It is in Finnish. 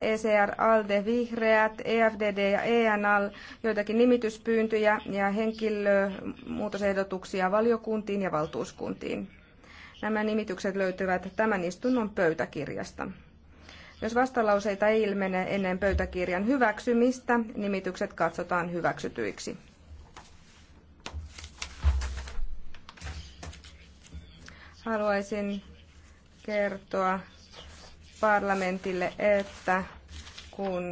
ECR, ALDE, Vihreät, EFDD ja ENL, joitakin nimityspyyntöjä ja henkilömuutosehdotuksia valiokuntiin ja valtuuskuntiin. Nämä nimitykset löytyvät tämän istunnon pöytäkirjasta. Jos vastalauseita ei ilmene ennen pöytäkirjan hyväksymistä, nimitykset katsotaan hyväksytyiksi. Haluaisin kertoa parlamentille, että kun